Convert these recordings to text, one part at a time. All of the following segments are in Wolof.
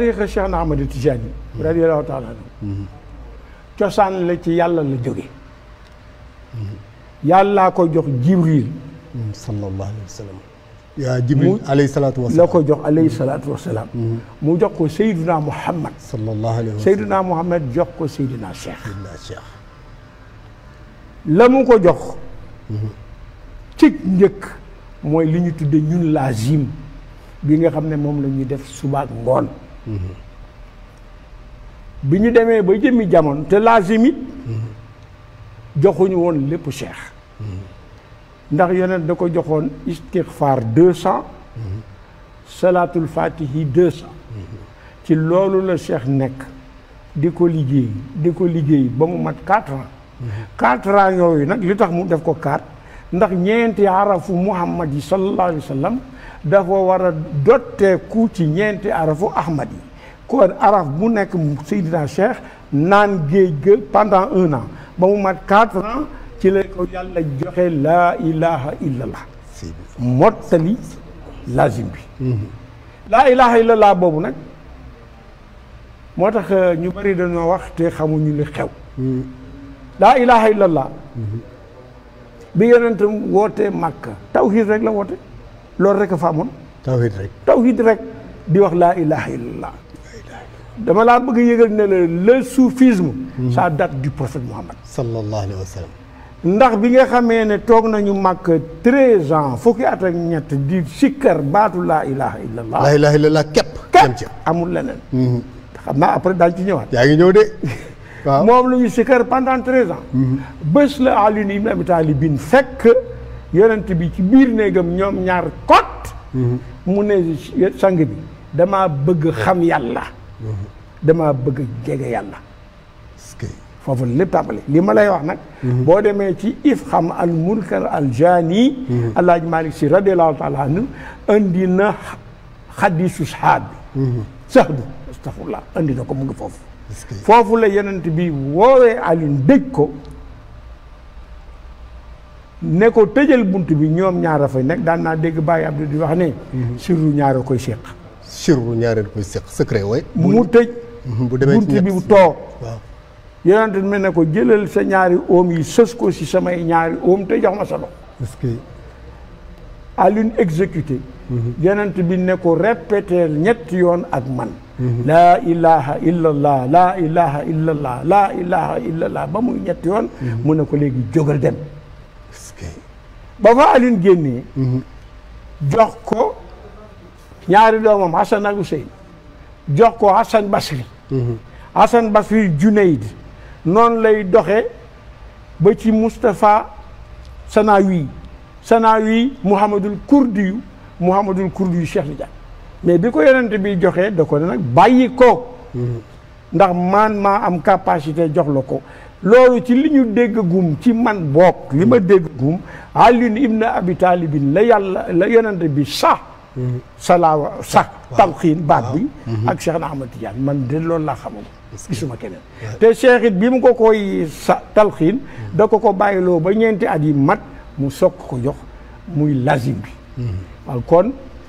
تاريخ الشيخ احمد التجاني رضي الله تعالى عنه تشان لا تي يالا لا جوغي يالا كو جوخ جبريل صلى الله عليه وسلم يا جبريل عليه الصلاه والسلام لا كو جوخ عليه الصلاه والسلام مو جوخ سيدنا محمد صلى الله عليه وسلم سيدنا محمد جوخ سيدنا الشيخ لا شيخ لامو كو جوخ تيك نيك موي لي ني نون لازيم بيغا خا مني موم لا ني ديف Mm-hmm. bi ñu demee ba jëmmi jamono te laazim it mm-hmm. joxuñu woon lépp cheikh mm-hmm. ndax yeneen da ko joxoon istixfaar deux cent salaatul fatihi deux cent ci loolu la cheikh nekk di ko liggéey di ko liggéey ba mu mat quatre ans quatre ans nag li tax mu def ko quatre ndax ñeenti arafu muhammad sallallahu alayhi wasallam dafa wara a ku ci ñeenti arafu ahmadi ko araf bu nek sayyidina Cheikh nan géej pendant 1 an ba mu mat 4 ans ci le ko yàlla joxe la ilaha illallah motali lazim bi la ilaha illallah boobu nag moo tax ñu bari dañu wax te xamu ñu li xew la ilaha illallah bi yonentam wootee màkka tawhid rek la woote loolu rek a fa amoon tawhid rek tawhid rek di wax laa ilaha illallah dama laa bëgg yëgal ne la le soufisme mhm. ça date du prophète Muhammad sallallahu alayhi wa sallam ndax bi nga xamee ne toog nañu màkk treize ans fukki at ak ñett di sikkar baatu laa ilaha illallah laa ilaha illallah képp képp amul leneen mhm. xam naa après daal ci ñëwaat yaa ngi ñëw de moom la ñu sikkar pendant treize ans mhm. bés la Ali ibn Abi Talibin fekk yonent bi ci biir néegam ñoom ñaar kot mhm. mu ne sang bi damaa bëgg xam yàlla mhm. damaa bëgg jege yàlla foofu lépp tàmbali li ma lay wax nag boo demee ci ifham al munkar al jaani alaaji malik si radiallahu taala anhu indi na xadisu sahaab bi sahdu astafurlah indi na ko mu ngi foofu foofu la yonent bi woowee Alioune dëj ko ne ko tëjal bunt bi ñoom ñaara fay nekk daan naa dégg Baye Abdou di wax ne mhm. sirru ñaara koy séq sirru ñaara koy séq secret way mu tëj mhm, bunt bu toog yonent ne ko jëlal sa ñaari oom yi sës ko si samay ñaari oom te jox ma solo loxo Alioune exécuté mhm. yonent bi ne ko répéteel ñetti yoon ak man Mhm. laa ilaha illallah laa ilaha illallah ba muy ñetti yoon mhm. mu ne ko léegi jógal dem ba fa Alioune génnee mhm. jox ko ñaari doomam Hassan ak Hussein jox ko Hassan Basri Hassan Basri Junayd noonu lay doxe ba ci Moustapha Sanawi Sanawi Mouhamadul Kurdi yu Mouhamadul Kurdi yu mais bi ko yonent bi joxee da ko nag bàyyi ko ndax man maa am capacité jox la ko loolu ci li ñu dégg gum ci man boog li ma dégg gum Alioune ibn Abi Talibin la yàlla la yonent bi sax salaawa sax talxiin baat bi ak Cheikh na Ahmad Tidiane man de loolu laa xamam gisuma keneen te Cheikh bi mu ko koy sa talxiin da ko ko bàyyiloo ba ñeenti at yi mat mu soog ko jox muy lazim bi mm-hmm. waaw kon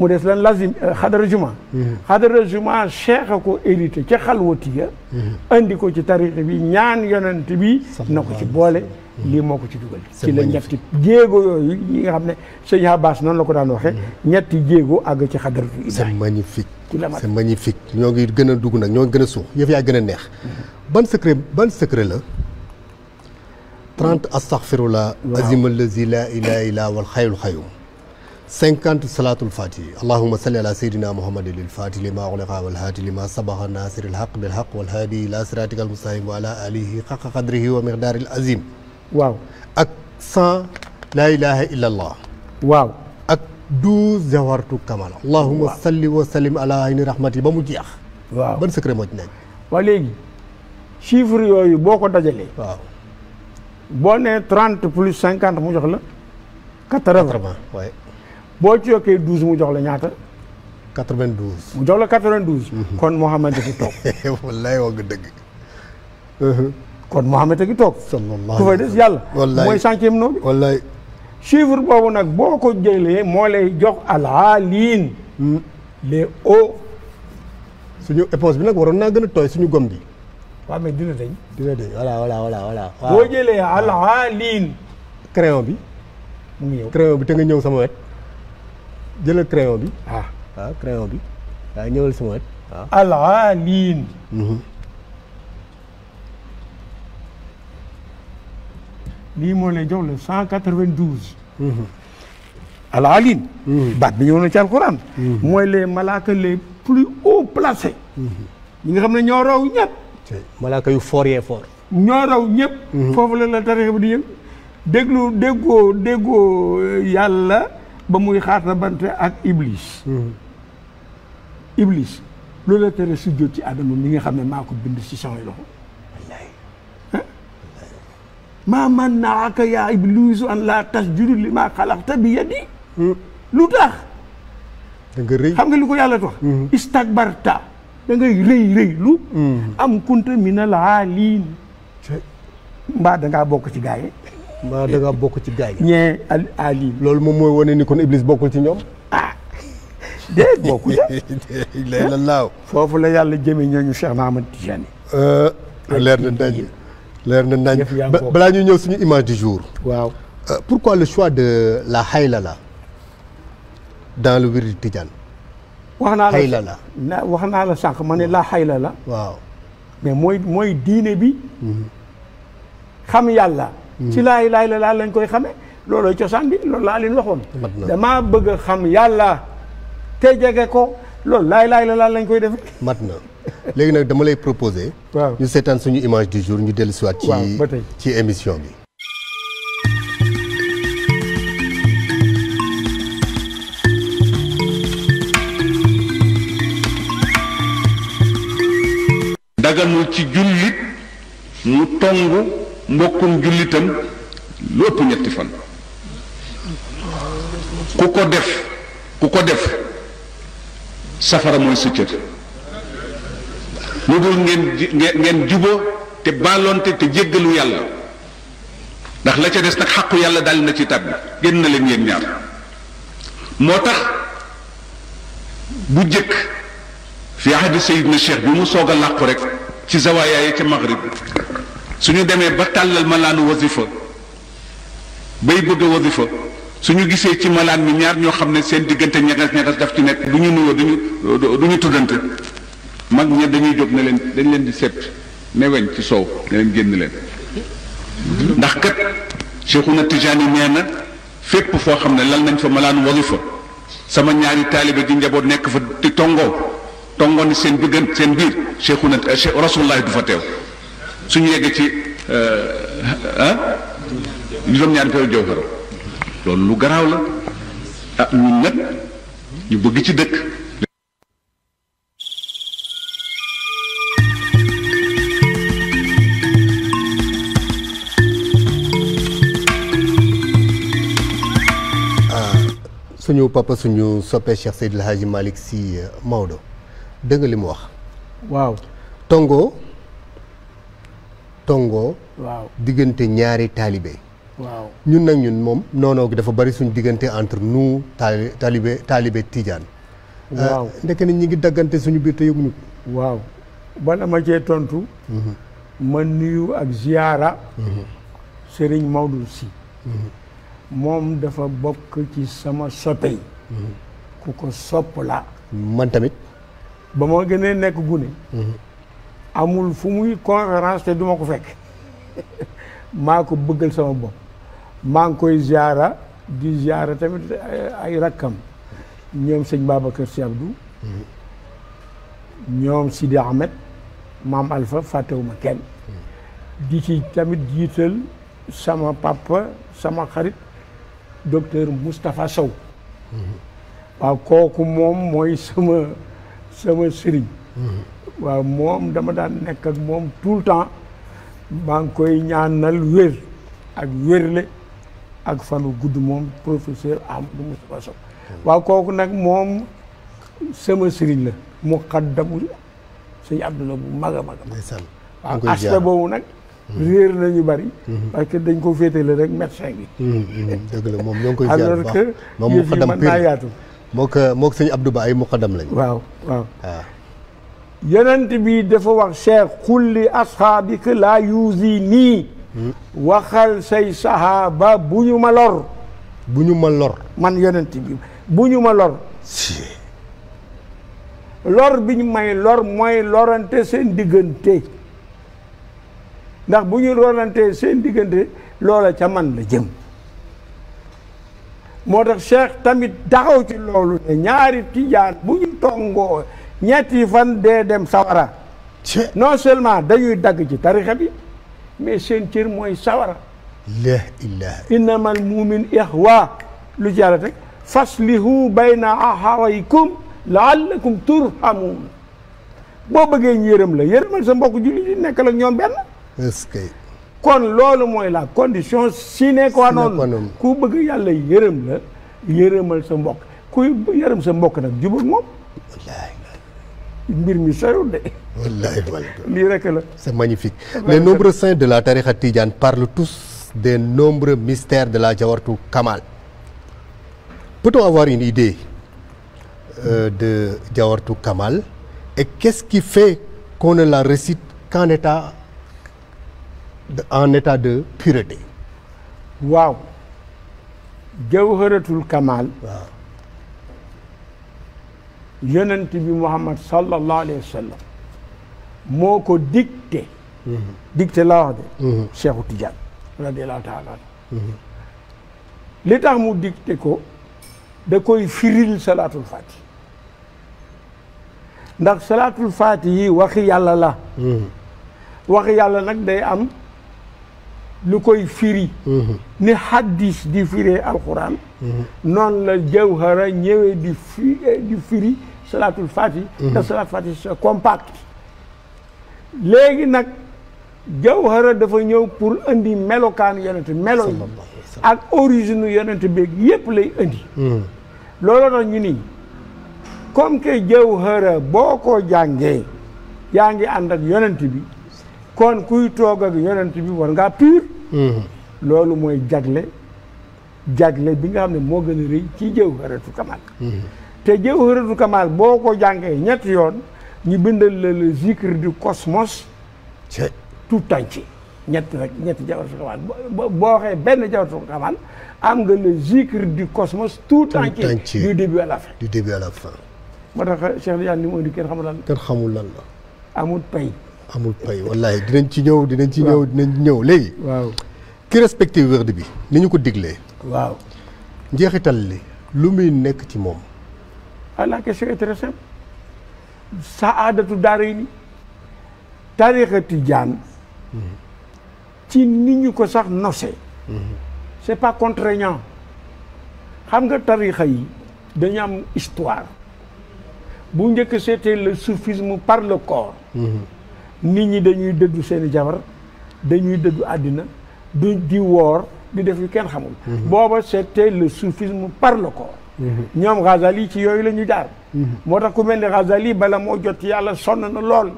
مودسلان لازم خدر الجمعة خدر الجمعة شيخكو إليتي كي خلوتي عندكو كي تاريخ بي نيان يونان تبي نكو كي بولي لي موكو كي دوغل كي لن يفت جيغو يوي نيغا بني سي يهاباس نون لكو دانو خي نيات جيغو أغا كي خدر الجمعة سي مانيفيك سي مانيفيك نيوغي جنة دوغنا نيوغي جنة سوخ يفيا جنة نيخ بان سكري بان سكري لا 30 استغفر الله عظيم الذي لا اله الا هو الخير 50 صلاة الفاتي اللهم صل على سيدنا محمد الفاتي لما أغلق والهادي لما صبح الناصر الحق بالحق والهادي لا سراتك المستهيم وعلى آله حق قدره ومقدار العظيم واو أكسا لا إله إلا الله واو أكدو زوارت كمال اللهم صل وسلم على عين رحمة بمجيخ واو بل سكر مجنج وليك شفر يوي بوكو دجلي واو بوني 30 plus 50 مجخلا 80 80 واي boo ci yokkee douze mu jox la ñaata. quatre vingt douze. mu jox la quatre vingt douze. Mhm. kon Mouhamed dafa toog. wallaay wax nga dëgg. Uh-huh. ngi toog. ku fay des yàlla. wallaay mooy centième noonu. wallaay. chiffre boobu nag boo ko jëlee moo lay jox alaalin. Hmm. les hauts. suñu éponge bi nag waroon naa gën a tooy suñu gom bi. waaw mais dina dañ. dina dañ voilà voilà voilà. boo jëlee alaalin. crayon bi. mu ngi ñëw crayon bi te nga ñëw sama wet. jëlal crayon bi. ah waaw ah, crayon bi waaw ñëwal sama wet waaw. Ah. alaalin. Mhm. lii moo lay jox mhm. Mhm. baat bi ñëw na ci alxuraan. mooy les malaaka les plus haut placés. ñi nga xam ne ñoo raw ñëpp. malaaka yu fort yee fort. ñoo raw ñëpp. foofu la la tarixa bi di yëg déglu déggoo déggoo euh, yàlla. ba muy xaatabante ak iblis hmm. iblis loolu la tere su jot ci adama mi nga xam ne maa ko bind ci samay loxo maa man naaka yaa iblisu an laa tasjudu li maa xalaqta bi yadi hmm. lu tax xam nga li ko yàlla wax hmm. istakbarta da ngay rëy rëy lu am kunta minal aaliin mbaa dangaa bokk ci gaa yi maa da bokk ci gaay yi. loolu moom mooy wane ni kon Iblis bokkul ci ñoom. ah déedéet bokkul la foofu la yàlla jëmee ñu Cheikh na Ahmad Tijani. Euh, leer na na nañ balaa ñuy ñëw suñu image du jour. waaw euh, pourquoi le choix de la haylala la le wirdu Tijaan. wax naa wax naa la sànq ma ne la haylala. waaw mais mooy mooy diine bi. Mhm. xam yàlla. ci laay laay la lañ koy xamee loolooy cosaan bi loolu laa leen waxoon damaa bëgg xam yàlla te jege ko loolu laay laay la laal lañ koy defee mat na léegi nag dama lay proposer ñu seetaan suñu image du jour ñu dellu si waat ci ci émission bi daganul ci jullit mu tongu mbokkum jullitam lu ëpp ñetti fan ku ko def ku ko def safara mooy sa cër lu dul ngeen ngeen juboo te baalonte te jéggalu yàlla ndax la ca des nag xàqu yàlla dal na ci tàbbi génn na leen yéen ñaar moo tax bu jëkk fi ahadi sayidna cheikh bi mu soog a làqu rek ci zawaaya yi ca maghrib su ñu demee ba tàllal malaanu wasifa bay bëgg a wasifa suñu gisee ci malaan bi ñaar ñoo xam ne seen diggante ñagas ñagas daf ci nekk du ñu nuyoo duñu du ñu tuddante mag ña dañuy jóg na leen dañ leen di set ne weñ ci soow ne leen génn leen ndax kat Cheikhuna Tijaani nee na fépp foo xam ne lal nañ fa malaanu wasifa sama ñaari taalibe ji njaboot nekk fa di tongoo tongoo ni seen bëggan seen biir Cheikhuna Rasulullah du fa teew suñu yegg ci euh, ah juróom ñaari feeru jawhar loolu lu garaaw la ah ñun nag ñu bëgg ci dëkk suñu papa suñu soppee cheikh seydil haji malik si mawdo dëgg li mu wax waaw tongo tongoo waaw diggante ñaari taalibe waaw ñun nag ñun moom noonoo dafa bari suñ diggante entre nous taali taalibe taalibe Tidiane euh, waaw ndeke ni ñi ngi daggante suñu biir te yëguñu ko waaw bala ma cee tontu mhm. ma nuyu ak ziyaara mhm. Serigne Maodo si mhm. moom dafa bokk ci sama soppe ku ko sopp la man tamit ba ma gënee nekk gune amul fu muy conférence te duma ko fekk maa ko bëggal sama bopp maa ngi koy ziara di ziara tamit ay rakkam ñoom sëñ Babacar Sy Abdou ñoom Sidi Ahmed maam Alpha fàttewuma kenn di ci tamit jiital sama papa sama xarit docteur Moustapha Sow mm-hmm. waaw kooku moom mooy sama sama sëriñ mm-hmm. waaw moom dama daan nekk ak moom tout le temps maa ngi koy ñaanal wér ak wérle ak fanu gudd moom professeur Amadou Moustapha Sow waaw kooku nag moom sama sëriñ la mu xaddamu sëñ Abdou la bu mag a mag a waaw aspect boobu nag réer nañu bari. Mm-hmm. dañ ko féetale rek médecin bi. Mm-hmm, mm-hmm. dëgg la moom ñoo koy ziar bu baax alors que yaatu. moo ko moo ko sëñ Abdou Ba ay muqaddam lañ. waaw waaw. Ah. yonent bi dafa wax cheikh xulli asxaabika laa yuusi nii waxal say sahaaba bu ñu ma lor bu ñu ma lor man yonent bi bu ñu ma lor lor bi ñu may lor mooy lorante seen diggante ndax bu ñu lorante seen diggante loola ca man la jëm moo tax cheikh tamit taxaw ci loolu ne ñaari tijaan bu ñu tongoo ñetti fan dee dem sawara non seulement dañuy dagg ci tarixa bi mais seen cër mooy sawara la ilaha innamal mumin ixwa lu ci yàlla teg yi bayna axawaykum laallakum turhamun boo bëggee ñu yërëm la yërëmal sa mbokk julli di nekkal ak ñoom benn kon loolu mooy la condition sine qua non ku bëgg yàlla yërëm la yërëmal sa mbokk kuy yërëm sa mbokk nag jubal moom c'est magnifique les nombreux saints de la tariqa tidiane parlent tous des nombreux mystères de la Jawartu Kamal. Peut-on avoir une idée euh, de Jawartu Kamal et qu'est-ce qui fait qu'on ne la récite qu'en état de, en état de pureté? Wow Kamal. yonent bi muhammad sallallahu alayhi wa moo ko dicté mhm. dicté laa wax de mhm. Cheikhu Tidiane radiallahu taala mhm. li tax mu dicté ko da koy firil salaatul faati ndax salaatul faati yi waxi yàlla la waxi yàlla nag day am lu koy firi mhm. ni haddis di firee alxuraan mhm. noonu la jawhara ñëwee di fi eh, di firi salaatul fati mhm. te salaatul fati c'est compact léegi nag jawhara dafa ñëw pour indi melokaanu yonent melo yi ak origine yonent beeg yépp lay indi looloo tax ñu ni comme que jawhara boo ko jàngee yaa ngi ànd ak yonent bi kon kuy toog ak yonent bi war ngaa pur Mm-hmm. loolu mooy jagle jagle bi nga xam ne moo gën a rëy ci jawharatul kamal mm-hmm. te jawharatul kamal boo ko jàngee ñetti yoon ñu bindal la le zikr du cosmos tout entier ñett rek ñetti jawharatul kamal boo waxee benn jawharatul kamal am nga le zikr du cosmos tout entier du début à la fin du début à la fin moo tax Cheikh Tidiane ni mu kenn xamul lan la kenn xamul lan la amul pay amul pay wallahi dinañ ci ñew dinañ ci ñew dinañ ñew ñëw waaw ki respecté wërd bi ni ko diglé waaw njeexital li lu muy nekk ci mom ala ah, la question saadatu daarayni tariqa tijaan mhm. ci niñu ko sax nosé. Mhm. c' pas contraignant. xam nga tariqa yi dañu am histoire. bu njëkk c'était le soufisme par le corps. Mhm nit ñi dañuy de seeni jabar dañuy àddina du di woor di def xamul mhm. booba c'était le soufisme par le corps mhm. ñoom Ghazali ci yooyu la jaar mhm. moo ku mel Ghazali bala moo jot yàlla sonn na lool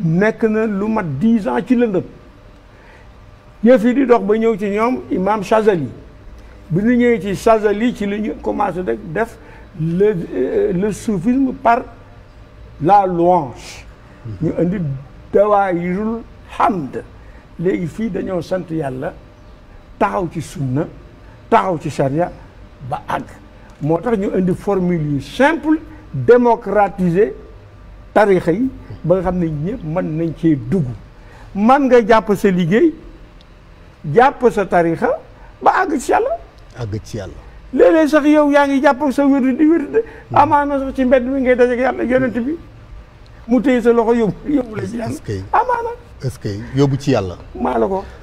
nekk na lu mat ans ci lëndëm yëf yi di dox ba ñëw ci imam Chazali bi ñu ci Chazali ci li commencé def le euh, le soufisme par la louange ñu indi dawaayirul hamd léegi fii dañoo sant yàlla taxaw ci sunna taxaw ci charia ba àgg moo tax ñu indi formule yu simple démocratiser tarixa yi ba nga xam ne ñëpp mën nañ cee dugg man nga jàpp sa liggéey jàpp sa tariixa ba àgg ci yàlla àgg ci yàlla léeg-léeg sax yow yaa ngi jàpp sa wérdu di wérdu hmm. amaana sax ci mbedd mi ngay dajeek yàlla yonent bi mu téye sa loxo yóbbu yóbbu la ci yàlla amaana est-ce yóbbu ci yàlla maa la ko